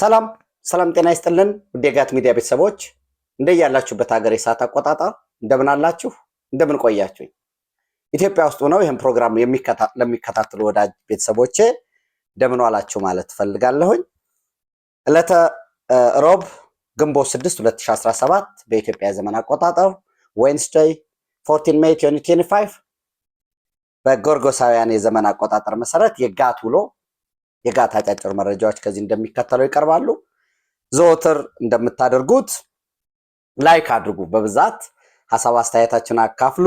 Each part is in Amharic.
ሰላም ሰላም፣ ጤና ይስጥልን ውድ የጋት ሚዲያ ቤተሰቦች እንደያላችሁበት ሀገር የሰዓት አቆጣጠር እንደምን አላችሁ? እንደምን ቆያችሁኝ? ኢትዮጵያ ውስጥ ሆነው ይህን ፕሮግራም ለሚከታተሉ ወዳጅ ቤተሰቦቼ እንደምን ዋላችሁ ማለት ትፈልጋለሁኝ። ዕለተ ሮብ ግንቦት 6 2017 በኢትዮጵያ ዘመን አቆጣጠር ዌንስዴይ 14 ሜይ 2025 በጎርጎሳውያን የዘመን አቆጣጠር መሰረት የጋት ውሎ የጋት አጫጭር መረጃዎች ከዚህ እንደሚከተለው ይቀርባሉ። ዘወትር እንደምታደርጉት ላይክ አድርጉ፣ በብዛት ሀሳብ አስተያየታችን አካፍሉ፣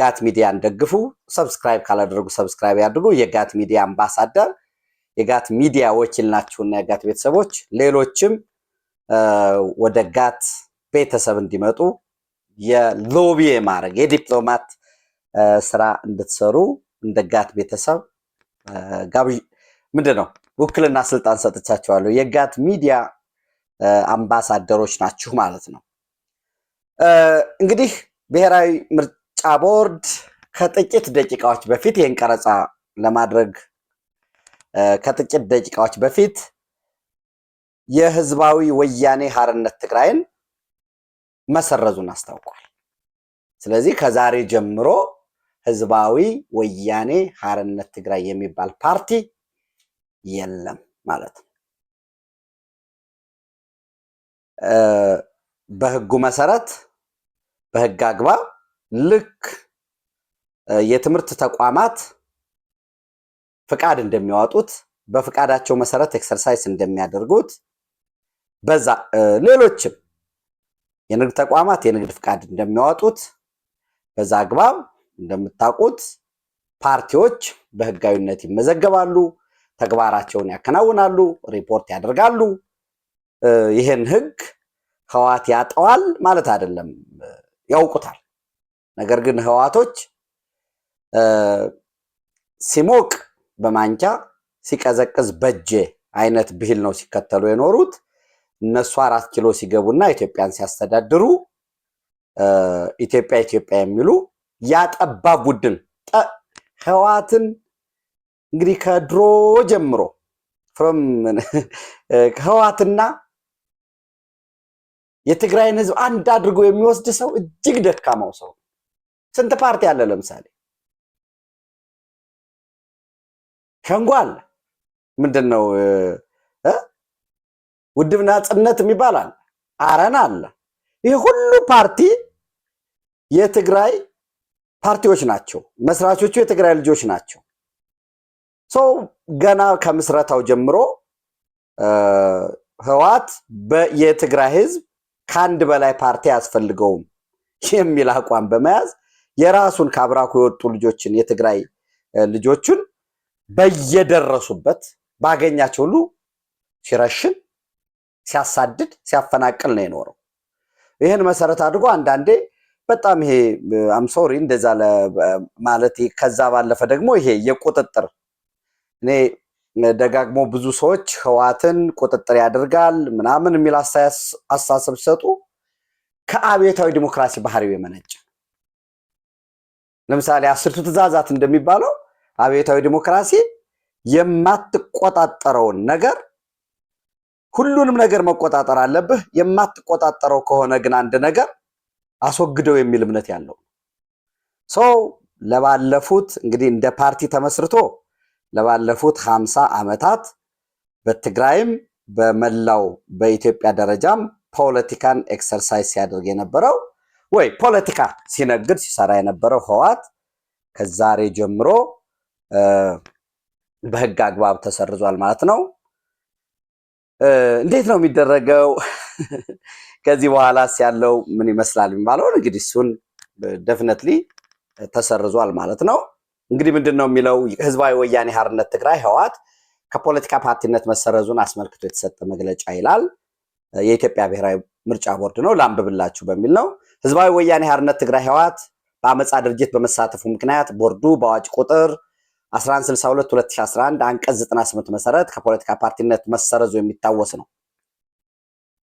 ጋት ሚዲያን ደግፉ። ሰብስክራይብ ካላደረጉ ሰብስክራይብ ያድርጉ። የጋት ሚዲያ አምባሳደር፣ የጋት ሚዲያ ወኪል ናችሁና የጋት ቤተሰቦች ሌሎችም ወደ ጋት ቤተሰብ እንዲመጡ የሎቢ ማድረግ የዲፕሎማት ስራ እንድትሰሩ እንደ ጋት ቤተሰብ ምንድን ነው ውክልና ስልጣን ሰጥቻቸዋለሁ። የጋት ሚዲያ አምባሳደሮች ናችሁ ማለት ነው። እንግዲህ ብሔራዊ ምርጫ ቦርድ ከጥቂት ደቂቃዎች በፊት ይህን ቀረጻ ለማድረግ ከጥቂት ደቂቃዎች በፊት የህዝባዊ ወያኔ ሀርነት ትግራይን መሰረዙን አስታውቋል። ስለዚህ ከዛሬ ጀምሮ ህዝባዊ ወያኔ ሀርነት ትግራይ የሚባል ፓርቲ የለም ማለት ነው። በህጉ መሰረት በህግ አግባብ ልክ የትምህርት ተቋማት ፍቃድ እንደሚያወጡት በፍቃዳቸው መሰረት ኤክሰርሳይዝ እንደሚያደርጉት በዛ ሌሎችም የንግድ ተቋማት የንግድ ፍቃድ እንደሚያወጡት በዛ አግባብ እንደምታውቁት ፓርቲዎች በህጋዊነት ይመዘገባሉ። ተግባራቸውን ያከናውናሉ፣ ሪፖርት ያደርጋሉ። ይህን ህግ ህዋት ያጠዋል ማለት አይደለም፣ ያውቁታል። ነገር ግን ህዋቶች ሲሞቅ በማንኪያ ሲቀዘቅዝ በእጄ አይነት ብሂል ነው ሲከተሉ የኖሩት። እነሱ አራት ኪሎ ሲገቡና ኢትዮጵያን ሲያስተዳድሩ ኢትዮጵያ ኢትዮጵያ የሚሉ ያጠባ ቡድን ህዋትን እንግዲህ ከድሮ ጀምሮ ህዋትና የትግራይን ህዝብ አንድ አድርጎ የሚወስድ ሰው እጅግ ደካማው ሰው ስንት ፓርቲ አለ? ለምሳሌ ሸንጎ አለ። ምንድን ነው ውድብ ናጽነት የሚባል አለ፣ አረና አለ። ይህ ሁሉ ፓርቲ የትግራይ ፓርቲዎች ናቸው። መስራቾቹ የትግራይ ልጆች ናቸው። ሰው ገና ከምስረታው ጀምሮ ህወሓት የትግራይ ህዝብ ከአንድ በላይ ፓርቲ አያስፈልገውም የሚል አቋም በመያዝ የራሱን ከአብራኩ የወጡ ልጆችን የትግራይ ልጆችን በየደረሱበት ባገኛቸው ሁሉ ሲረሽን፣ ሲያሳድድ፣ ሲያፈናቅል ነው የኖረው። ይህን መሰረት አድርጎ አንዳንዴ በጣም ይሄ አምሶሪ እንደዛ ማለት ከዛ ባለፈ ደግሞ ይሄ የቁጥጥር እኔ ደጋግሞ ብዙ ሰዎች ህዋትን ቁጥጥር ያደርጋል ምናምን የሚል አስተሳሰብ ሲሰጡ ከአብዮታዊ ዲሞክራሲ ባህሪው የመነጨ ለምሳሌ አስርቱ ትእዛዛት እንደሚባለው አብዮታዊ ዲሞክራሲ የማትቆጣጠረውን ነገር ሁሉንም ነገር መቆጣጠር አለብህ። የማትቆጣጠረው ከሆነ ግን አንድ ነገር አስወግደው የሚል እምነት ያለው ሰው ለባለፉት እንግዲህ እንደ ፓርቲ ተመስርቶ ለባለፉት ሀምሳ ዓመታት በትግራይም በመላው በኢትዮጵያ ደረጃም ፖለቲካን ኤክሰርሳይዝ ሲያደርግ የነበረው ወይ ፖለቲካ ሲነግድ ሲሰራ የነበረው ህወሓት ከዛሬ ጀምሮ በህግ አግባብ ተሰርዟል ማለት ነው። እንዴት ነው የሚደረገው? ከዚህ በኋላስ ያለው ምን ይመስላል የሚባለውን እንግዲህ እሱን ደፍነትሊ ተሰርዟል ማለት ነው። እንግዲህ ምንድን ነው የሚለው ህዝባዊ ወያኔ ሀርነት ትግራይ ህወሓት ከፖለቲካ ፓርቲነት መሰረዙን አስመልክቶ የተሰጠ መግለጫ ይላል። የኢትዮጵያ ብሔራዊ ምርጫ ቦርድ ነው ላንብብላችሁ በሚል ነው። ህዝባዊ ወያኔ ሀርነት ትግራይ ህወሓት በአመፃ ድርጅት በመሳተፉ ምክንያት ቦርዱ በአዋጅ ቁጥር 1162/2011 አንቀጽ 98 መሰረት ከፖለቲካ ፓርቲነት መሰረዙ የሚታወስ ነው።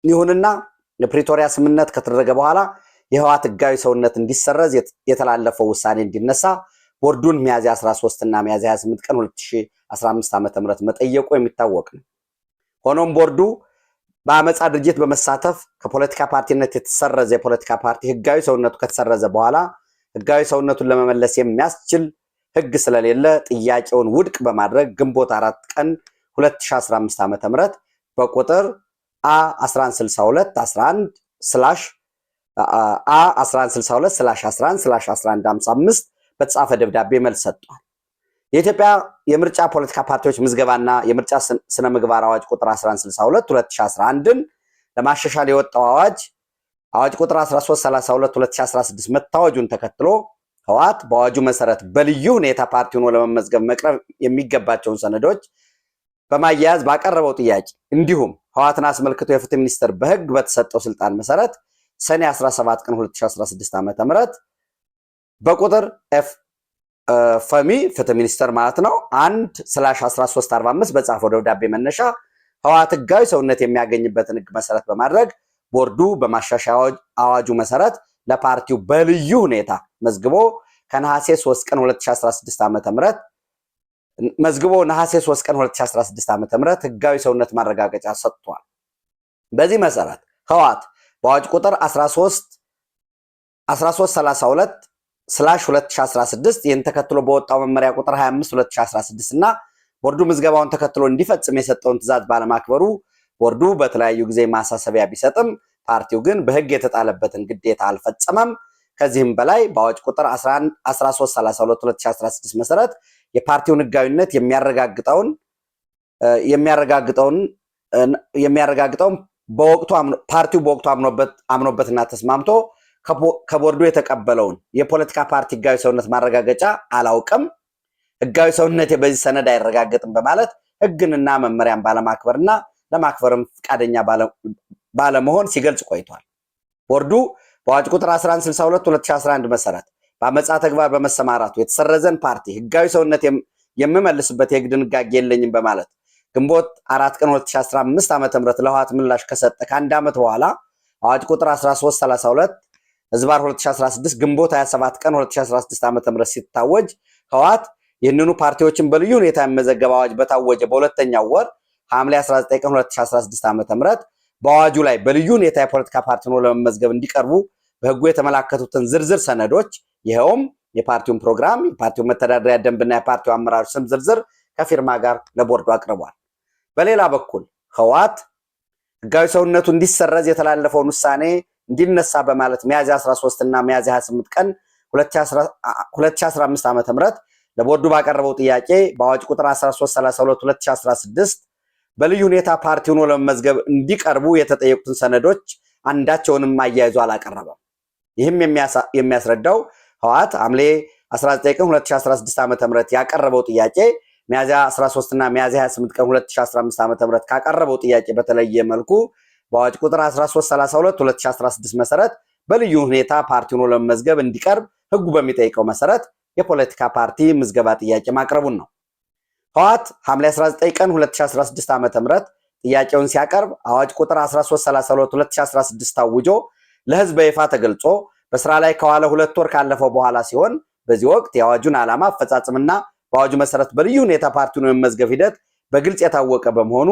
ይሁንና የፕሪቶሪያ ስምምነት ከተደረገ በኋላ የህወሓት ህጋዊ ሰውነት እንዲሰረዝ የተላለፈው ውሳኔ እንዲነሳ ቦርዱን ሚያዝያ 13 እና ሚያዝያ 28 ቀን 2015 ዓ.ም ተመረተ መጠየቁ የሚታወቅ ነው። ሆኖም ቦርዱ በአመፃ ድርጅት በመሳተፍ ከፖለቲካ ፓርቲነት የተሰረዘ የፖለቲካ ፓርቲ ህጋዊ ሰውነቱ ከተሰረዘ በኋላ ህጋዊ ሰውነቱን ለመመለስ የሚያስችል ህግ ስለሌለ ጥያቄውን ውድቅ በማድረግ ግንቦት 4 ቀን 2015 ዓ.ም በቁጥር አ 1162 11 ስላሽ አ 1162 ስላሽ 11 ስላሽ 1155 በተጻፈ ደብዳቤ መልስ ሰጥቷል። የኢትዮጵያ የምርጫ ፖለቲካ ፓርቲዎች ምዝገባና የምርጫ ስነ ምግባር አዋጅ ቁጥር 1162 2011ን ለማሻሻል የወጣው አዋጅ አዋጅ ቁጥር 1332 2016 መታወጁን ተከትሎ ህወሓት በአዋጁ መሰረት በልዩ ሁኔታ ፓርቲውን ለመመዝገብ መቅረብ የሚገባቸውን ሰነዶች በማያያዝ ባቀረበው ጥያቄ እንዲሁም ህወሓትን አስመልክቶ የፍትህ ሚኒስቴር በህግ በተሰጠው ስልጣን መሰረት ሰኔ 17 ቀን 2016 ዓ.ም በቁጥር ፈሚ ፍትህ ሚኒስተር ማለት ነው አንድ ስላሽ 1345 በጻፈው ደብዳቤ መነሻ ህወሓት ህጋዊ ሰውነት የሚያገኝበትን ህግ መሰረት በማድረግ ቦርዱ በማሻሻያ አዋጁ መሰረት ለፓርቲው በልዩ ሁኔታ መዝግቦ ከነሐሴ 3 ቀን 2016 ዓ ም መዝግቦ ነሐሴ 3 ቀን 2016 ዓ ም ህጋዊ ሰውነት ማረጋገጫ ሰጥቷል። በዚህ መሰረት ህወሓት በአዋጅ ቁጥር 13 1332 ስላሽ 2016 ይህን ተከትሎ በወጣው መመሪያ ቁጥር 25 2016 እና ቦርዱ ምዝገባውን ተከትሎ እንዲፈጽም የሰጠውን ትዕዛዝ ባለማክበሩ ቦርዱ በተለያዩ ጊዜ ማሳሰቢያ ቢሰጥም ፓርቲው ግን በህግ የተጣለበትን ግዴታ አልፈጸመም። ከዚህም በላይ በአዋጅ ቁጥር 1332016 መሰረት የፓርቲውን ህጋዊነት የሚያረጋግጠውን የሚያረጋግጠውን የሚያረጋግጠውን በወቅቱ ፓርቲው በወቅቱ አምኖበት አምኖበትና ተስማምቶ ከቦርዱ የተቀበለውን የፖለቲካ ፓርቲ ህጋዊ ሰውነት ማረጋገጫ አላውቅም፣ ህጋዊ ሰውነቴ በዚህ ሰነድ አይረጋገጥም በማለት ህግንና መመሪያን ባለማክበርና ለማክበርም ፈቃደኛ ባለመሆን ሲገልጽ ቆይቷል። ቦርዱ በአዋጅ ቁጥር 1162/2011 መሰረት በአመፃ ተግባር በመሰማራቱ የተሰረዘን ፓርቲ ህጋዊ ሰውነት የምመልስበት የህግ ድንጋጌ የለኝም በማለት ግንቦት 4 ቀን 2015 ም ለህወሓት ምላሽ ከሰጠ ከአንድ ዓመት በኋላ አዋጅ ቁጥር ህዝባር 2016 ግንቦት 27 ቀን 2016 ዓ.ም ሲታወጅ ህወሓት ይህንኑ ፓርቲዎችን በልዩ ሁኔታ የመዘገብ አዋጅ በታወጀ በሁለተኛው ወር ሐምሌ 19 ቀን 2016 ዓ.ም በአዋጁ ላይ በልዩ ሁኔታ የፖለቲካ ፓርቲ ሆነው ለመመዝገብ እንዲቀርቡ በህጉ የተመላከቱትን ዝርዝር ሰነዶች ይኸውም የፓርቲውን ፕሮግራም፣ የፓርቲውን መተዳደሪያ ደንብና የፓርቲው አመራር ስም ዝርዝር ከፊርማ ጋር ለቦርዱ አቅርቧል። በሌላ በኩል ህወሓት ህጋዊ ሰውነቱ እንዲሰረዝ የተላለፈውን ውሳኔ እንዲነሳ በማለት ሚያዝያ 13 እና ሚያዝያ 28 ቀን 2015 ዓ.ም ለቦርዱ ባቀረበው ጥያቄ በአዋጅ ቁጥር 1332 2016 በልዩ ሁኔታ ፓርቲ ሆኖ ለመመዝገብ እንዲቀርቡ የተጠየቁትን ሰነዶች አንዳቸውንም አያይዞ አላቀረበም። ይህም የሚያስረዳው ህወሓት ሐምሌ 19 ቀን 2016 ም ያቀረበው ጥያቄ ሚያዝያ 13 እና ሚያዝያ 28 ቀን 2015 ም ካቀረበው ጥያቄ በተለየ መልኩ በአዋጅ ቁጥር 1332 2016 መሰረት በልዩ ሁኔታ ፓርቲውን ለመመዝገብ እንዲቀርብ ህጉ በሚጠይቀው መሰረት የፖለቲካ ፓርቲ ምዝገባ ጥያቄ ማቅረቡን ነው። ህወሓት ሐምሌ 19 ቀን 2016 ዓ.ም ጥያቄውን ሲያቀርብ አዋጅ ቁጥር 1332 2016 ታውጆ ለህዝብ በይፋ ተገልጾ በስራ ላይ ከዋለ ሁለት ወር ካለፈው በኋላ ሲሆን በዚህ ወቅት የአዋጁን ዓላማ አፈጻጽምና በአዋጁ መሰረት በልዩ ሁኔታ ፓርቲውን የመመዝገብ ሂደት በግልጽ የታወቀ በመሆኑ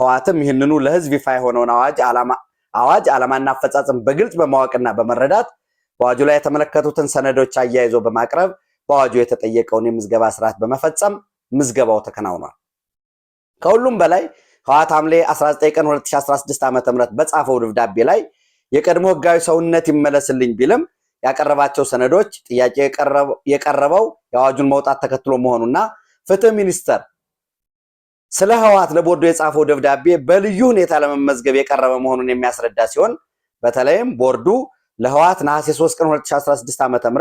ህወሓትም ይህንኑ ለህዝብ ይፋ የሆነውን አዋጅ ዓላማና አፈጻጸም በግልጽ በማወቅና በመረዳት በአዋጁ ላይ የተመለከቱትን ሰነዶች አያይዞ በማቅረብ በአዋጁ የተጠየቀውን የምዝገባ ስርዓት በመፈጸም ምዝገባው ተከናውኗል። ከሁሉም በላይ ህወሓት ሐምሌ 19 ቀን 2016 ዓ ም በጻፈው ድብዳቤ ላይ የቀድሞ ህጋዊ ሰውነት ይመለስልኝ ቢልም ያቀረባቸው ሰነዶች ጥያቄ የቀረበው የአዋጁን መውጣት ተከትሎ መሆኑና ፍትህ ሚኒስተር ስለ ህወሓት ለቦርዱ የጻፈው ደብዳቤ በልዩ ሁኔታ ለመመዝገብ የቀረበ መሆኑን የሚያስረዳ ሲሆን በተለይም ቦርዱ ለህወሓት ነሐሴ 3 ቀን 2016 ዓ.ም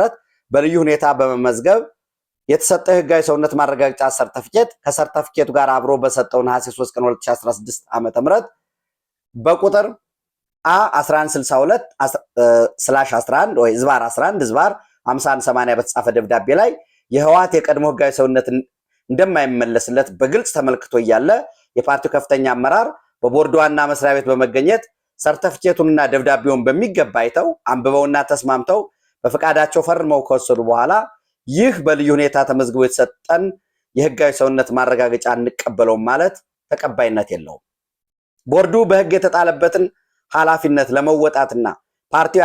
በልዩ ሁኔታ በመመዝገብ የተሰጠ ህጋዊ ሰውነት ማረጋገጫ ሰርተፍኬት ከሰርተፍኬቱ ጋር አብሮ በሰጠው ነሐሴ 3 ቀን 2016 ዓ.ም በቁጥር አ 1162 ስላሽ 11 ወይ ዝባር 11 ዝባር 5180 በተጻፈ ደብዳቤ ላይ የህወሓት የቀድሞ ህጋዊ ሰውነትን እንደማይመለስለት በግልጽ ተመልክቶ እያለ የፓርቲው ከፍተኛ አመራር በቦርድ ዋና መስሪያ ቤት በመገኘት ሰርተፍኬቱንና ደብዳቤውን በሚገባ አይተው አንብበውና ተስማምተው በፈቃዳቸው ፈርመው ከወሰዱ በኋላ ይህ በልዩ ሁኔታ ተመዝግቦ የተሰጠን የህጋዊ ሰውነት ማረጋገጫ እንቀበለውም ማለት ተቀባይነት የለውም። ቦርዱ በህግ የተጣለበትን ኃላፊነት ለመወጣትና ፓርቲው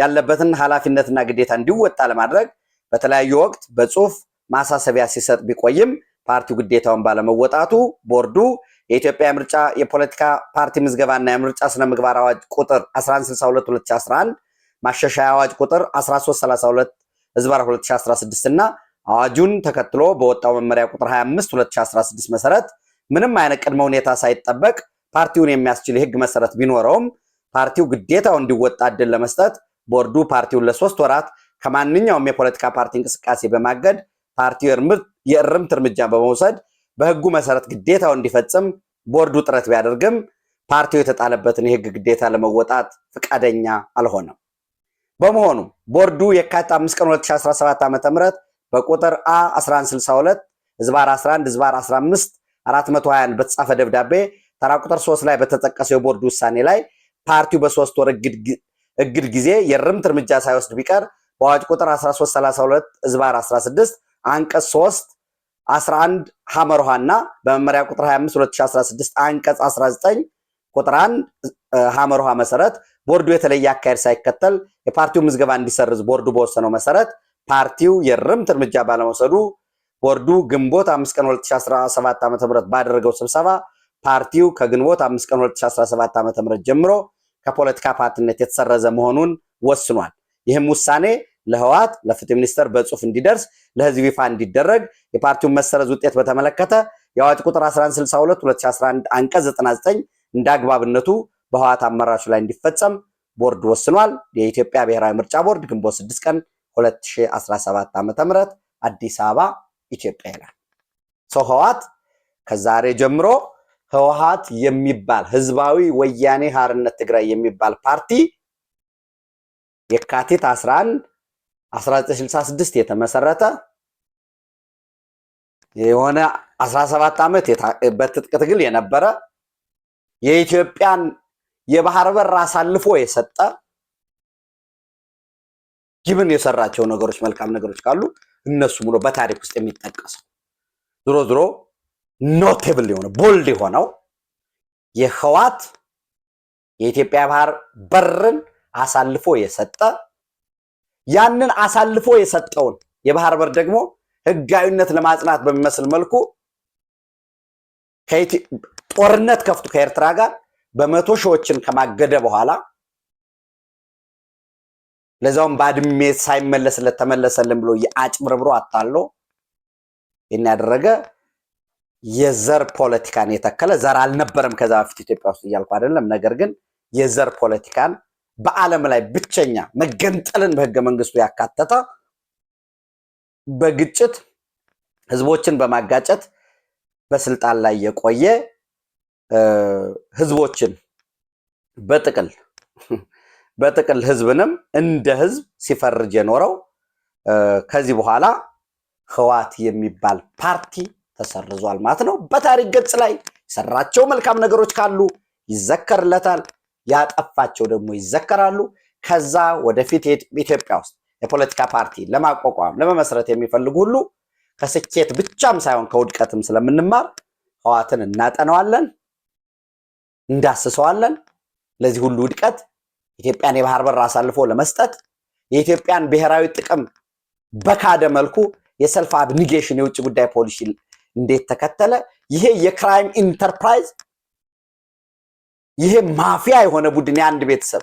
ያለበትን ኃላፊነትና ግዴታ እንዲወጣ ለማድረግ በተለያዩ ወቅት በጽሁፍ ማሳሰቢያ ሲሰጥ ቢቆይም ፓርቲው ግዴታውን ባለመወጣቱ ቦርዱ የኢትዮጵያ ምርጫ የፖለቲካ ፓርቲ ምዝገባና የምርጫ ስነ ምግባር አዋጅ ቁጥር 1162/2011 ማሻሻያ አዋጅ ቁጥር 1332/2016 እና አዋጁን ተከትሎ በወጣው መመሪያ ቁጥር 25/2016 መሰረት ምንም አይነት ቅድመ ሁኔታ ሳይጠበቅ ፓርቲውን የሚያስችል የህግ መሰረት ቢኖረውም ፓርቲው ግዴታው እንዲወጣ እድል ለመስጠት ቦርዱ ፓርቲውን ለሶስት ወራት ከማንኛውም የፖለቲካ ፓርቲ እንቅስቃሴ በማገድ ፓርቲው የእርምት እርምጃ በመውሰድ በህጉ መሰረት ግዴታው እንዲፈጽም ቦርዱ ጥረት ቢያደርግም ፓርቲው የተጣለበትን የህግ ግዴታ ለመወጣት ፈቃደኛ አልሆነም። በመሆኑ ቦርዱ የካቲት 5 ቀን 2017 ዓ ም በቁጥር አ 1162 ዝባር 11 ዝባር 15 421 በተጻፈ ደብዳቤ ተራ ቁጥር 3 ላይ በተጠቀሰው የቦርዱ ውሳኔ ላይ ፓርቲው በሶስት ወር እግድ ጊዜ የርምት እርምጃ ሳይወስድ ቢቀር በአዋጅ ቁጥር 1332 ዝባር 16 አንቀጽ 3 11 ሐመርሃና በመመሪያ ቁጥር 25 2016 አንቀጽ 19 ቁጥር 1 ሐመርሃ መሰረት ቦርዱ የተለየ አካሄድ ሳይከተል የፓርቲው ምዝገባ እንዲሰርዝ ቦርዱ በወሰነው መሰረት ፓርቲው የርምት እርምጃ ባለመውሰዱ ቦርዱ ግንቦት 5 ቀን 2017 ዓ.ም ባደረገው ስብሰባ ፓርቲው ከግንቦት 5 ቀን 2017 ዓ.ም ጀምሮ ከፖለቲካ ፓርቲነት የተሰረዘ መሆኑን ወስኗል። ይህም ውሳኔ ለህወሓት ለፍትህ ሚኒስተር በጽሁፍ እንዲደርስ ለህዝብ ይፋ እንዲደረግ የፓርቲውን መሰረዝ ውጤት በተመለከተ የአዋጅ ቁጥር 1162 2011 አንቀጽ 99 እንደ አግባብነቱ በህወሓት አመራሮች ላይ እንዲፈጸም ቦርድ ወስኗል። የኢትዮጵያ ብሔራዊ ምርጫ ቦርድ ግንቦት 6 ቀን 2017 ዓ.ም አዲስ አበባ ኢትዮጵያ ይላል። ሰው ህወሓት ከዛሬ ጀምሮ ህወሓት የሚባል ህዝባዊ ወያኔ ሀርነት ትግራይ የሚባል ፓርቲ የካቲት 11 1966 የተመሰረተ የሆነ 17 ዓመት በትጥቅ ትግል የነበረ የኢትዮጵያን የባህር በር አሳልፎ የሰጠ ጅብን የሰራቸው ነገሮች መልካም ነገሮች ካሉ እነሱ ብሎ በታሪክ ውስጥ የሚጠቀሰው ዝሮ ዝሮ ኖቴብል የሆነ ቦልድ የሆነው የህዋት የኢትዮጵያ ባህር በርን አሳልፎ የሰጠ ያንን አሳልፎ የሰጠውን የባህር በር ደግሞ ህጋዊነት ለማጽናት በሚመስል መልኩ ጦርነት ከፍቱ ከኤርትራ ጋር በመቶ ሺዎችን ከማገደ በኋላ ለዛውም ባድሜ ሳይመለስለት ተመለሰልን ብሎ የአጭብርብሮ አታሎ ይህን ያደረገ የዘር ፖለቲካን የተከለ ዘር አልነበረም ከዛ በፊት ኢትዮጵያ ውስጥ እያልኩ አይደለም። ነገር ግን የዘር ፖለቲካን በዓለም ላይ ብቸኛ መገንጠልን በህገ መንግስቱ ያካተተ በግጭት ህዝቦችን በማጋጨት በስልጣን ላይ የቆየ ህዝቦችን በጥቅል በጥቅል ህዝብንም እንደ ህዝብ ሲፈርጅ የኖረው ከዚህ በኋላ ህዋት የሚባል ፓርቲ ተሰርዟል ማለት ነው። በታሪክ ገጽ ላይ የሰራቸው መልካም ነገሮች ካሉ ይዘከርለታል። ያጠፋቸው ደግሞ ይዘከራሉ። ከዛ ወደፊት ኢትዮጵያ ውስጥ የፖለቲካ ፓርቲ ለማቋቋም ለመመስረት የሚፈልጉ ሁሉ ከስኬት ብቻም ሳይሆን ከውድቀትም ስለምንማር ህዋትን እናጠነዋለን፣ እንዳስሰዋለን። ለዚህ ሁሉ ውድቀት ኢትዮጵያን የባህር በር አሳልፎ ለመስጠት የኢትዮጵያን ብሔራዊ ጥቅም በካደ መልኩ የሰልፍ አብኒጌሽን የውጭ ጉዳይ ፖሊሲ እንዴት ተከተለ? ይሄ የክራይም ኢንተርፕራይዝ ይሄ ማፊያ የሆነ ቡድን የአንድ ቤተሰብ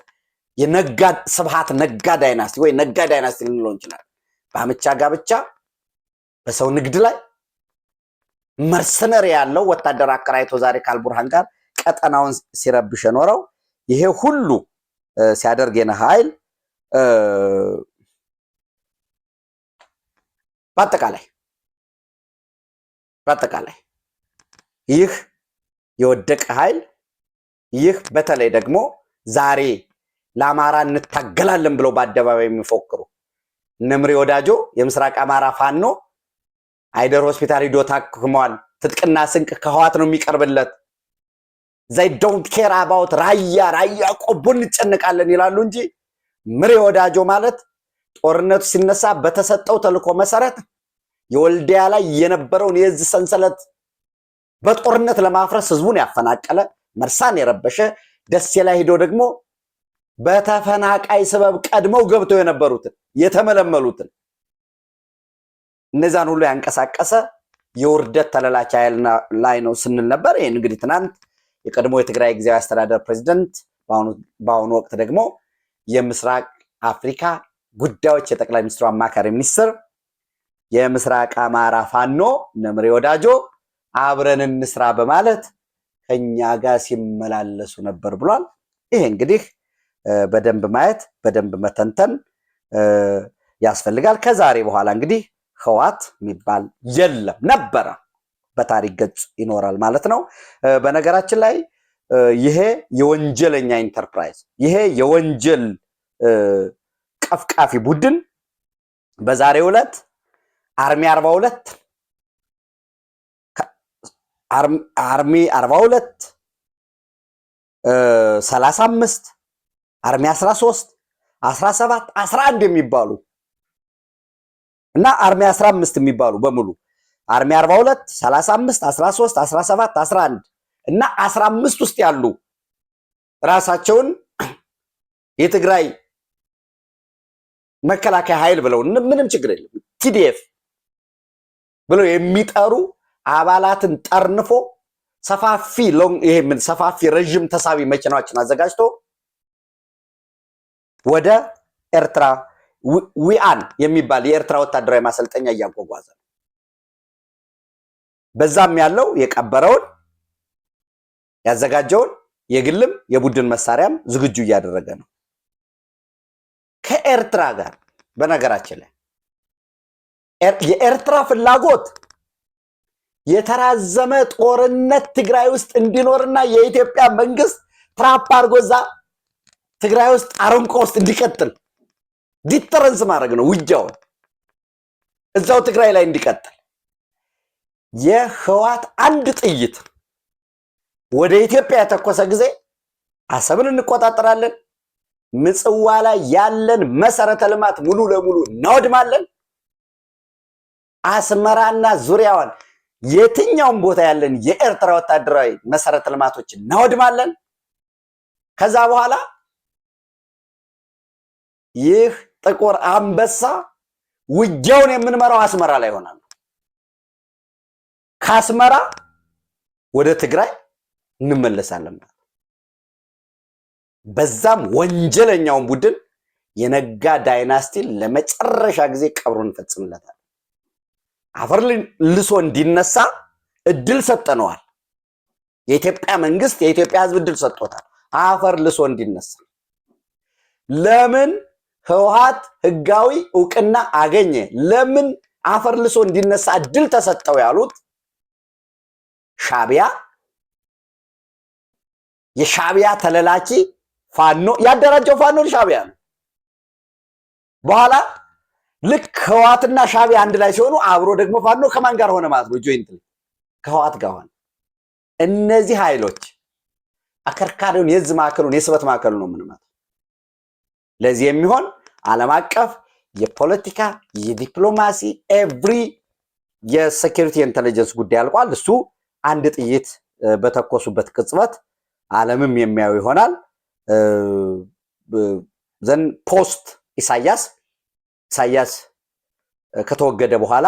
ስብሃት ነጋ ዳይናስቲ ወይ ነጋ ዳይናስቲ ልንለው እንችላለን። በአምቻ ጋብቻ፣ በሰው ንግድ ላይ መርሰነሪ ያለው ወታደር አከራይቶ ዛሬ ካልቡርሃን ጋር ቀጠናውን ሲረብሽ የኖረው ይሄ ሁሉ ሲያደርግ የነ ኃይል በአጠቃላይ በአጠቃላይ ይህ የወደቀ ኃይል ይህ በተለይ ደግሞ ዛሬ ለአማራ እንታገላለን ብለው በአደባባይ የሚፎክሩ እነምሬ ወዳጆ የምስራቅ አማራ ፋኖ አይደር ሆስፒታል ሂዶ ታክመዋል። ትጥቅና ስንቅ ከህዋት ነው የሚቀርብለት። ዘይ ዶንት ኬር አባውት ራያ ራያ ቆቦ እንጨንቃለን ይላሉ እንጂ ምሬ ወዳጆ ማለት ጦርነቱ ሲነሳ በተሰጠው ተልእኮ መሰረት የወልዲያ ላይ የነበረውን የእዝ ሰንሰለት በጦርነት ለማፍረስ ህዝቡን ያፈናቀለ መርሳን የረበሸ ደሴ ላይ ሄዶ ደግሞ በተፈናቃይ ሰበብ ቀድመው ገብተው የነበሩትን የተመለመሉትን እነዛን ሁሉ ያንቀሳቀሰ የውርደት ተለላች ኃይል ላይ ነው ስንል ነበር። ይህን እንግዲህ ትናንት የቀድሞ የትግራይ ጊዜያዊ አስተዳደር ፕሬዚደንት፣ በአሁኑ ወቅት ደግሞ የምስራቅ አፍሪካ ጉዳዮች የጠቅላይ ሚኒስትሩ አማካሪ ሚኒስትር የምስራቅ አማራ ፋኖ ነምሬ ወዳጆ አብረን እንስራ በማለት ከኛ ጋር ሲመላለሱ ነበር ብሏል። ይሄ እንግዲህ በደንብ ማየት በደንብ መተንተን ያስፈልጋል። ከዛሬ በኋላ እንግዲህ ህዋት የሚባል የለም ነበረ በታሪክ ገጽ ይኖራል ማለት ነው። በነገራችን ላይ ይሄ የወንጀለኛ ኢንተርፕራይዝ ይሄ የወንጀል ቀፍቃፊ ቡድን በዛሬው ዕለት አርሚ ሁለት አርሚ 42 35 አርሚ 13 17 11 የሚባሉ እና አርሚ 15 የሚባሉ በሙሉ አርሚ 42 35 13 17 11 እና 15 ውስጥ ያሉ ራሳቸውን የትግራይ መከላከያ ኃይል ብለው ምንም ችግር የለም ቲዲኤፍ ብለው የሚጠሩ አባላትን ጠርንፎ ሰፋፊ ይሄ ምን ሰፋፊ ረዥም ተሳቢ መኪናዎችን አዘጋጅቶ ወደ ኤርትራ ዊአን የሚባል የኤርትራ ወታደራዊ ማሰልጠኛ እያጓጓዘ ነው። በዛም ያለው የቀበረውን ያዘጋጀውን የግልም የቡድን መሳሪያም ዝግጁ እያደረገ ነው ከኤርትራ ጋር። በነገራችን ላይ የኤርትራ ፍላጎት የተራዘመ ጦርነት ትግራይ ውስጥ እንዲኖርና የኢትዮጵያ መንግስት ትራፕ አድርጎ እዛ ትግራይ ውስጥ አረንቋ ውስጥ እንዲቀጥል ዲተረንስ ማድረግ ነው። ውጊያውን እዛው ትግራይ ላይ እንዲቀጥል የህዋት አንድ ጥይት ወደ ኢትዮጵያ የተኮሰ ጊዜ አሰብን እንቆጣጠራለን፣ ምጽዋ ላይ ያለን መሰረተ ልማት ሙሉ ለሙሉ እናወድማለን፣ አስመራና ዙሪያዋን የትኛውም ቦታ ያለን የኤርትራ ወታደራዊ መሰረተ ልማቶችን እናወድማለን። ከዛ በኋላ ይህ ጥቁር አንበሳ ውጊያውን የምንመራው አስመራ ላይ ይሆናል። ከአስመራ ወደ ትግራይ እንመለሳለን። በዛም ወንጀለኛውን ቡድን የነጋ ዳይናስቲን ለመጨረሻ ጊዜ ቀብሩን እንፈጽምለታል። አፈር ልሶ እንዲነሳ እድል ሰጠነዋል። የኢትዮጵያ መንግስት፣ የኢትዮጵያ ህዝብ እድል ሰጥቶታል፣ አፈር ልሶ እንዲነሳ። ለምን ህወሓት ህጋዊ እውቅና አገኘ? ለምን አፈር ልሶ እንዲነሳ እድል ተሰጠው? ያሉት ሻቢያ የሻቢያ ተለላኪ ፋኖ ያደራጀው ፋኖ ሻቢያ ነው። በኋላ ልክ ህዋትና ሻቢያ አንድ ላይ ሲሆኑ አብሮ ደግሞ ፋኖ ከማን ጋር ሆነ ማለት ነው? ጆይንት ከህዋት ጋር ሆነ። እነዚህ ኃይሎች አከርካሪውን የዝ ማዕከሉን የስበት ማዕከሉ ነው የምንመጣው። ለዚህ የሚሆን ዓለም አቀፍ የፖለቲካ የዲፕሎማሲ ኤቭሪ የሴኪሪቲ ኢንተለጀንስ ጉዳይ አልቋል። እሱ አንድ ጥይት በተኮሱበት ቅጽበት ዓለምም የሚያዩ ይሆናል ዘን ፖስት ኢሳያስ ኢሳያስ ከተወገደ በኋላ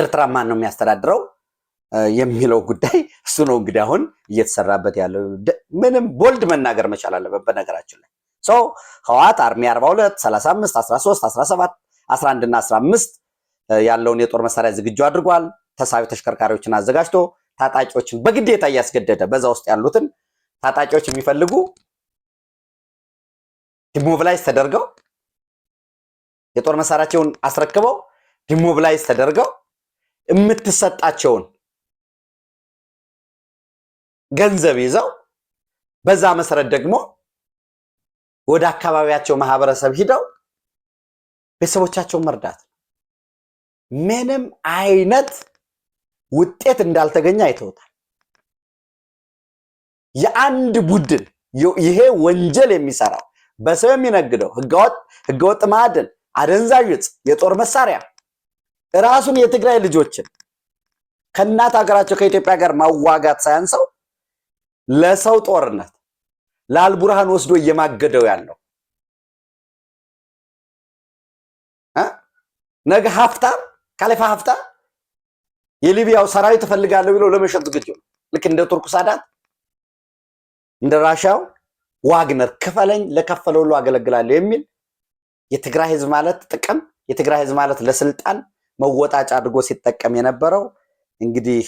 ኤርትራ ማን ነው የሚያስተዳድረው የሚለው ጉዳይ እሱ ነው እንግዲህ አሁን እየተሰራበት ያለው። ምንም ቦልድ መናገር መቻል አለበት። በነገራችን ላይ ሰው ህወሓት አርሚ 42 35 13 17 11 እና 15 ያለውን የጦር መሳሪያ ዝግጁ አድርጓል። ተሳቢ ተሽከርካሪዎችን አዘጋጅቶ ታጣቂዎችን በግዴታ እያስገደደ በዛ ውስጥ ያሉትን ታጣቂዎች የሚፈልጉ ዲሞብላይዝ ተደርገው የጦር መሳሪያቸውን አስረክበው ዲሞብላይዝ ተደርገው የምትሰጣቸውን ገንዘብ ይዘው በዛ መሰረት ደግሞ ወደ አካባቢያቸው ማህበረሰብ ሂደው ቤተሰቦቻቸውን መርዳት ምንም አይነት ውጤት እንዳልተገኘ አይተውታል። የአንድ ቡድን ይሄ ወንጀል የሚሰራው በሰው የሚነግደው ህገወጥ ማዕድን አደንዛዥ የጦር መሳሪያ ራሱን የትግራይ ልጆችን ከእናት ሀገራቸው ከኢትዮጵያ ጋር ማዋጋት ሳያንሰው ለሰው ጦርነት ለአልቡርሃን ወስዶ እየማገደው ያለው ነገ ሀፍታም ካሊፋ ሀፍታ የሊቢያው ሰራዊት እፈልጋለሁ ብለው ለመሸጥ ዝግጁ ነው። ልክ እንደ ቱርኩ ሳዳት እንደ ራሻው ዋግነር ክፈለኝ ለከፈለ ሁሉ አገለግላለሁ የሚል የትግራይ ህዝብ ማለት ጥቅም፣ የትግራይ ህዝብ ማለት ለስልጣን መወጣጫ አድርጎ ሲጠቀም የነበረው እንግዲህ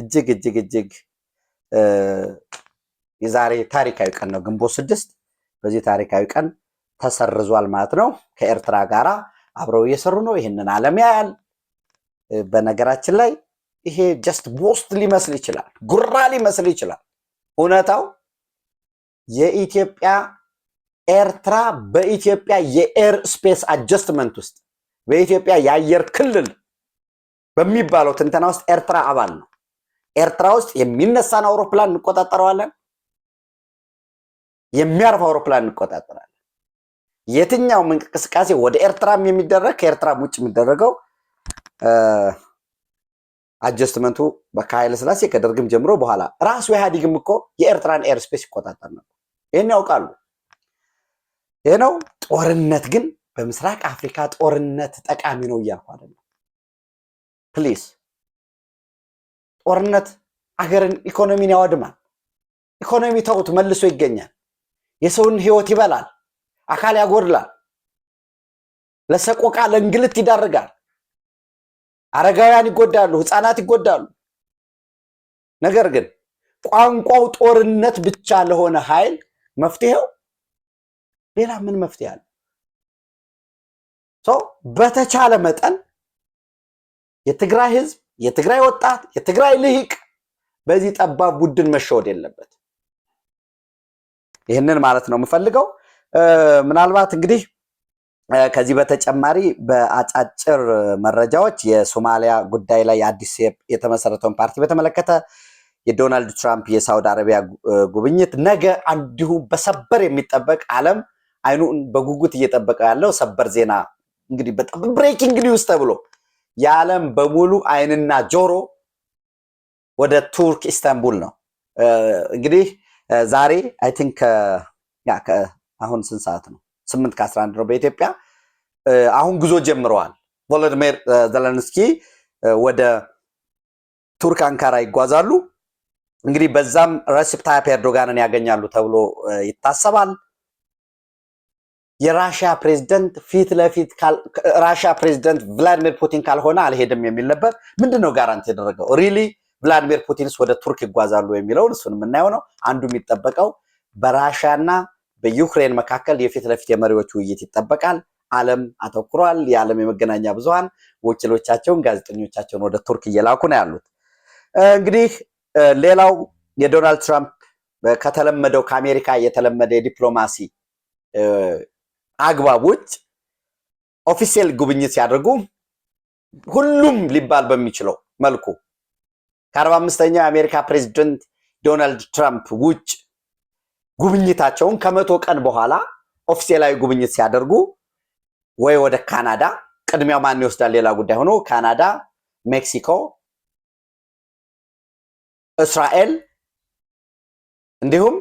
እጅግ እጅግ እጅግ የዛሬ ታሪካዊ ቀን ነው ግንቦት ስድስት። በዚህ ታሪካዊ ቀን ተሰርዟል ማለት ነው። ከኤርትራ ጋር አብረው እየሰሩ ነው። ይህንን ዓለም ያያል። በነገራችን ላይ ይሄ ጀስት ቦስት ሊመስል ይችላል፣ ጉራ ሊመስል ይችላል። እውነታው የኢትዮጵያ ኤርትራ በኢትዮጵያ የኤር ስፔስ አጀስትመንት ውስጥ በኢትዮጵያ የአየር ክልል በሚባለው ትንተና ውስጥ ኤርትራ አባል ነው። ኤርትራ ውስጥ የሚነሳን አውሮፕላን እንቆጣጠረዋለን፣ የሚያርፍ አውሮፕላን እንቆጣጠራለን። የትኛውም እንቅስቃሴ ወደ ኤርትራም የሚደረግ ከኤርትራም ውጭ የሚደረገው አጀስትመንቱ ከኃይለ ስላሴ ከደርግም ጀምሮ በኋላ ራሱ ኢህአዲግም እኮ የኤርትራን ኤርስፔስ ይቆጣጠር ነበር። ይህን ያውቃሉ። ይህ ነው። ጦርነት ግን በምስራቅ አፍሪካ ጦርነት ጠቃሚ ነው እያልኩ አይደለም። ፕሊስ ጦርነት አገርን ኢኮኖሚን ያወድማል። ኢኮኖሚ ተውት፣ መልሶ ይገኛል። የሰውን ህይወት ይበላል፣ አካል ያጎድላል፣ ለሰቆቃ ለእንግልት ይዳርጋል። አረጋውያን ይጎዳሉ፣ ህፃናት ይጎዳሉ። ነገር ግን ቋንቋው ጦርነት ብቻ ለሆነ ኃይል መፍትሄው ሌላ ምን መፍትሄ አለ? ሰው በተቻለ መጠን የትግራይ ህዝብ፣ የትግራይ ወጣት፣ የትግራይ ልሂቅ በዚህ ጠባብ ቡድን መሸወድ የለበት። ይህንን ማለት ነው የምፈልገው። ምናልባት እንግዲህ ከዚህ በተጨማሪ በአጫጭር መረጃዎች የሶማሊያ ጉዳይ ላይ አዲስ የተመሰረተውን ፓርቲ በተመለከተ የዶናልድ ትራምፕ የሳውዲ አረቢያ ጉብኝት ነገ፣ እንዲሁም በሰበር የሚጠበቅ ዓለም አይኑን በጉጉት እየጠበቀ ያለው ሰበር ዜና እንግዲህ በጣም ብሬኪንግ ኒውስ ተብሎ የዓለም በሙሉ አይንና ጆሮ ወደ ቱርክ ኢስታንቡል ነው። እንግዲህ ዛሬ አይ ቲንክ አሁን ስንት ሰዓት ነው? ስምንት ከአስራ አንድ ነው በኢትዮጵያ። አሁን ጉዞ ጀምረዋል። ቮሎዲሚር ዘለንስኪ ወደ ቱርክ አንካራ ይጓዛሉ። እንግዲህ በዛም ረሲፕ ታይፕ ኤርዶጋንን ያገኛሉ ተብሎ ይታሰባል። የራሽያ ፕሬዚደንት ፊት ለፊት ራሽያ ፕሬዚደንት ቭላዲሚር ፑቲን ካልሆነ አልሄድም የሚል ነበር። ምንድን ነው ጋራንት ያደረገው? ሪሊ ቭላዲሚር ፑቲንስ ወደ ቱርክ ይጓዛሉ የሚለውን እሱን የምናየው ነው። አንዱ የሚጠበቀው በራሽያና በዩክሬን መካከል የፊት ለፊት የመሪዎች ውይይት ይጠበቃል። ዓለም አተኩሯል። የዓለም የመገናኛ ብዙሃን ወኪሎቻቸውን፣ ጋዜጠኞቻቸውን ወደ ቱርክ እየላኩ ነው ያሉት። እንግዲህ ሌላው የዶናልድ ትራምፕ ከተለመደው ከአሜሪካ የተለመደ የዲፕሎማሲ አግባብ ውጭ ኦፊሴል ጉብኝት ሲያደርጉ ሁሉም ሊባል በሚችለው መልኩ ከአርባ አምስተኛው የአሜሪካ ፕሬዚደንት ዶናልድ ትራምፕ ውጭ ጉብኝታቸውን ከመቶ ቀን በኋላ ኦፊሴላዊ ጉብኝት ሲያደርጉ ወይ ወደ ካናዳ ቅድሚያው ማን ይወስዳል ሌላ ጉዳይ ሆኖ ካናዳ፣ ሜክሲኮ፣ እስራኤል እንዲሁም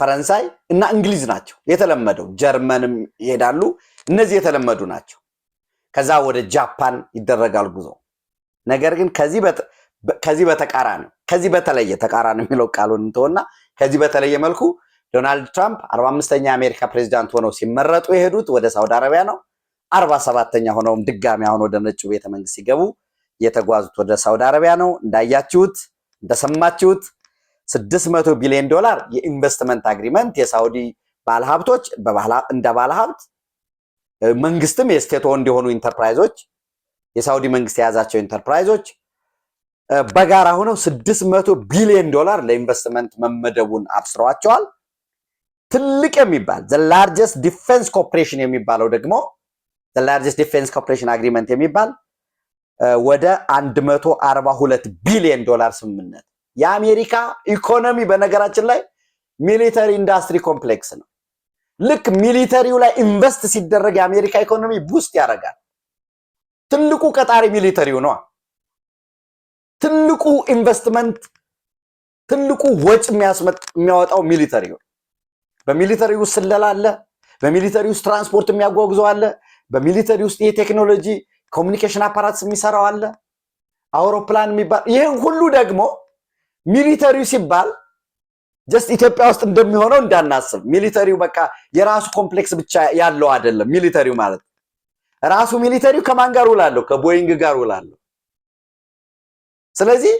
ፈረንሳይ እና እንግሊዝ ናቸው የተለመደው። ጀርመንም ይሄዳሉ። እነዚህ የተለመዱ ናቸው። ከዛ ወደ ጃፓን ይደረጋል ጉዞ። ነገር ግን ከዚህ በተቃራኒ ከዚህ በተለየ ተቃራኒ የሚለው ቃሉን እንተውና ከዚህ በተለየ መልኩ ዶናልድ ትራምፕ አርባ አምስተኛ የአሜሪካ ፕሬዚዳንት ሆነው ሲመረጡ የሄዱት ወደ ሳውዲ አረቢያ ነው። አርባ ሰባተኛ ሆነውም ድጋሚ አሁን ወደ ነጩ ቤተመንግስት ሲገቡ የተጓዙት ወደ ሳውዲ አረቢያ ነው። እንዳያችሁት እንደሰማችሁት 600 ቢሊዮን ዶላር የኢንቨስትመንት አግሪመንት የሳውዲ ባለሀብቶች እንደ ባለሀብት መንግስትም የስቴት ኦንድ የሆኑ ኢንተርፕራይዞች የሳውዲ መንግስት የያዛቸው ኢንተርፕራይዞች በጋራ ሆነው 600 ቢሊዮን ዶላር ለኢንቨስትመንት መመደቡን አብስረዋቸዋል። ትልቅ የሚባል ዘ ላርጀስት ዲፌንስ ኮፕሬሽን የሚባለው ደግሞ ዘ ላርጀስት ዲፌንስ ኮፕሬሽን አግሪመንት የሚባል ወደ 142 ቢሊዮን ዶላር ስምምነት የአሜሪካ ኢኮኖሚ በነገራችን ላይ ሚሊተሪ ኢንዱስትሪ ኮምፕሌክስ ነው። ልክ ሚሊተሪው ላይ ኢንቨስት ሲደረግ የአሜሪካ ኢኮኖሚ ቡስት ያደርጋል። ትልቁ ቀጣሪ ሚሊተሪው ነው። ትልቁ ኢንቨስትመንት፣ ትልቁ ወጪ የሚያወጣው ሚሊተሪው። በሚሊተሪ ውስጥ ስለላ አለ። በሚሊተሪ ውስጥ ትራንስፖርት የሚያጓጉዘው አለ። በሚሊተሪ ውስጥ ይሄ ቴክኖሎጂ ኮሚኒኬሽን አፓራትስ የሚሰራው አለ። አውሮፕላን የሚባል ይህን ሁሉ ደግሞ ሚሊተሪው ሲባል ጀስት ኢትዮጵያ ውስጥ እንደሚሆነው እንዳናስብ። ሚሊተሪው በቃ የራሱ ኮምፕሌክስ ብቻ ያለው አይደለም። ሚሊተሪው ማለት ራሱ ሚሊተሪው ከማን ጋር ውላለሁ? ከቦይንግ ጋር ውላለሁ። ስለዚህ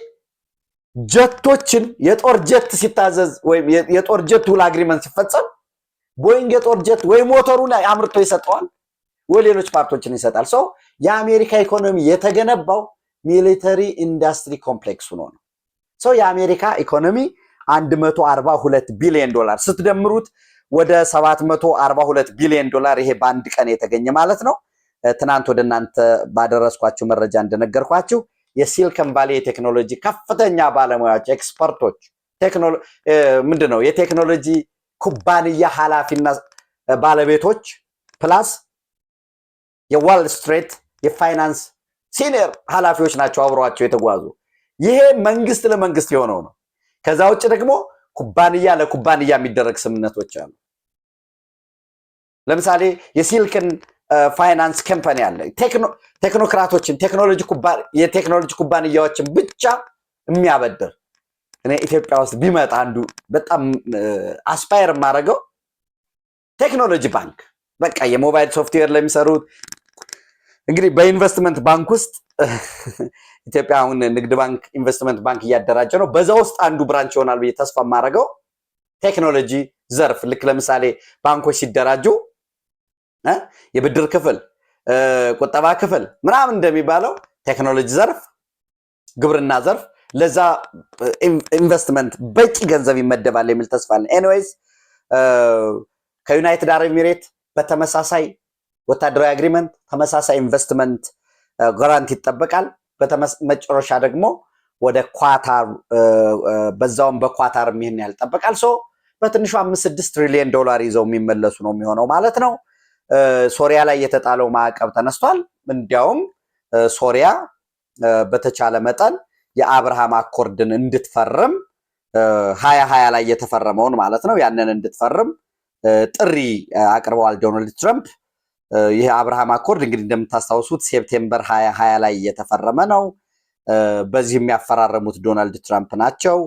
ጀቶችን የጦር ጀት ሲታዘዝ ወይም የጦር ጀት ውል አግሪመንት ሲፈጸም ቦይንግ የጦር ጀት ወይ ሞተሩን አምርቶ ይሰጠዋል ወይ ሌሎች ፓርቶችን ይሰጣል። ሰው የአሜሪካ ኢኮኖሚ የተገነባው ሚሊተሪ ኢንዱስትሪ ኮምፕሌክስ ሆኖ ነው። ሰው የአሜሪካ ኢኮኖሚ 142 ቢሊዮን ዶላር ስትደምሩት ወደ 742 ቢሊዮን ዶላር ይሄ በአንድ ቀን የተገኘ ማለት ነው። ትናንት ወደ እናንተ ባደረስኳችሁ መረጃ እንደነገርኳችሁ የሲልከን ቫሊ የቴክኖሎጂ ከፍተኛ ባለሙያዎች ኤክስፐርቶች፣ ምንድን ነው የቴክኖሎጂ ኩባንያ ኃላፊና ባለቤቶች ፕላስ የዋል ስትሬት የፋይናንስ ሲኒየር ኃላፊዎች ናቸው አብሯቸው የተጓዙ ይሄ መንግስት ለመንግስት የሆነው ነው። ከዛ ውጭ ደግሞ ኩባንያ ለኩባንያ የሚደረግ ስምምነቶች አሉ። ለምሳሌ የሲልክን ፋይናንስ ከምፓኒ አለ። ቴክኖክራቶችን የቴክኖሎጂ ኩባንያዎችን ብቻ የሚያበድር እኔ ኢትዮጵያ ውስጥ ቢመጣ አንዱ በጣም አስፓየር የማደርገው ቴክኖሎጂ ባንክ በቃ የሞባይል ሶፍትዌር ለሚሰሩት እንግዲህ በኢንቨስትመንት ባንክ ውስጥ ኢትዮጵያ አሁን ንግድ ባንክ ኢንቨስትመንት ባንክ እያደራጀ ነው። በዛ ውስጥ አንዱ ብራንች ይሆናል ብዬ ተስፋ የማደርገው ቴክኖሎጂ ዘርፍ ልክ ለምሳሌ ባንኮች ሲደራጁ የብድር ክፍል፣ ቁጠባ ክፍል ምናምን እንደሚባለው ቴክኖሎጂ ዘርፍ፣ ግብርና ዘርፍ ለዛ ኢንቨስትመንት በቂ ገንዘብ ይመደባል የሚል ተስፋ አለን። ኤኒዌይዝ ከዩናይትድ አረብ ኤሚሬት በተመሳሳይ ወታደራዊ አግሪመንት ተመሳሳይ ኢንቨስትመንት ጋራንቲ ይጠበቃል። መጨረሻ ደግሞ ወደ ኳታር በዛውም በኳታር ይህን ያህል ይጠበቃል። ሶ በትንሹ አምስት ስድስት ትሪሊየን ዶላር ይዘው የሚመለሱ ነው የሚሆነው ማለት ነው። ሶሪያ ላይ የተጣለው ማዕቀብ ተነስቷል። እንዲያውም ሶሪያ በተቻለ መጠን የአብርሃም አኮርድን እንድትፈርም ሀያ ሀያ ላይ የተፈረመውን ማለት ነው ያንን እንድትፈርም ጥሪ አቅርበዋል ዶናልድ ትራምፕ። ይህ አብርሃም አኮርድ እንግዲህ እንደምታስታውሱት ሴፕቴምበር 2020 ላይ የተፈረመ ነው። በዚህ የሚያፈራረሙት ዶናልድ ትራምፕ ናቸው።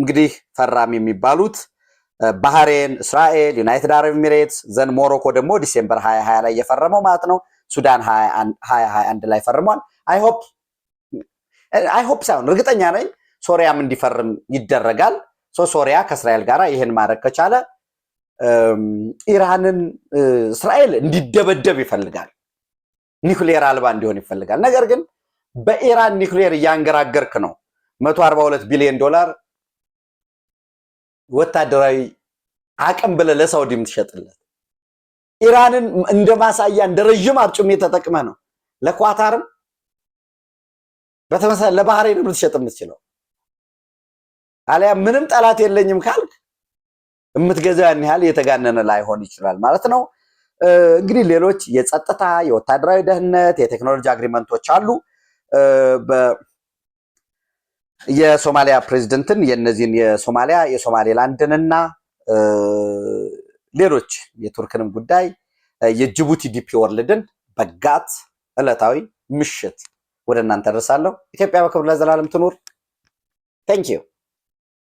እንግዲህ ፈራም የሚባሉት ባህሬን፣ እስራኤል፣ ዩናይትድ አረብ ኤሚሬትስ ዘን ሞሮኮ ደግሞ ዲሴምበር 2020 ላይ የፈረመው ማለት ነው። ሱዳን 2021 ላይ ፈርሟል። አይ ሆፕ ሳይሆን እርግጠኛ ነኝ ሶሪያም እንዲፈርም ይደረጋል። ሶሪያ ከእስራኤል ጋር ይህን ማድረግ ከቻለ ኢራንን እስራኤል እንዲደበደብ ይፈልጋል። ኒውክሌር አልባ እንዲሆን ይፈልጋል። ነገር ግን በኢራን ኒውክሌር እያንገራገርክ ነው። 142 ቢሊዮን ዶላር ወታደራዊ አቅም ብለህ ለሳውዲ የምትሸጥለት ኢራንን እንደ ማሳያ እንደ ረዥም አብጭሜ ተጠቅመ ነው ለኳታርም በተመሳሳይ ለባህሬን ልትሸጥ የምትችለው አሊያ ምንም ጠላት የለኝም ካልክ የምትገዛው ያን ያህል የተጋነነ ላይሆን ይችላል ማለት ነው። እንግዲህ ሌሎች የጸጥታ፣ የወታደራዊ ደህንነት፣ የቴክኖሎጂ አግሪመንቶች አሉ። የሶማሊያ ፕሬዚደንትን የነዚህን የሶማሊያ የሶማሌላንድንና ሌሎች የቱርክንም ጉዳይ የጅቡቲ ዲፒ ወርልድን በጋት ዕለታዊ ምሽት ወደ እናንተ ደርሳለሁ። ኢትዮጵያ በክብር ለዘላለም ትኑር። ታንኪዩ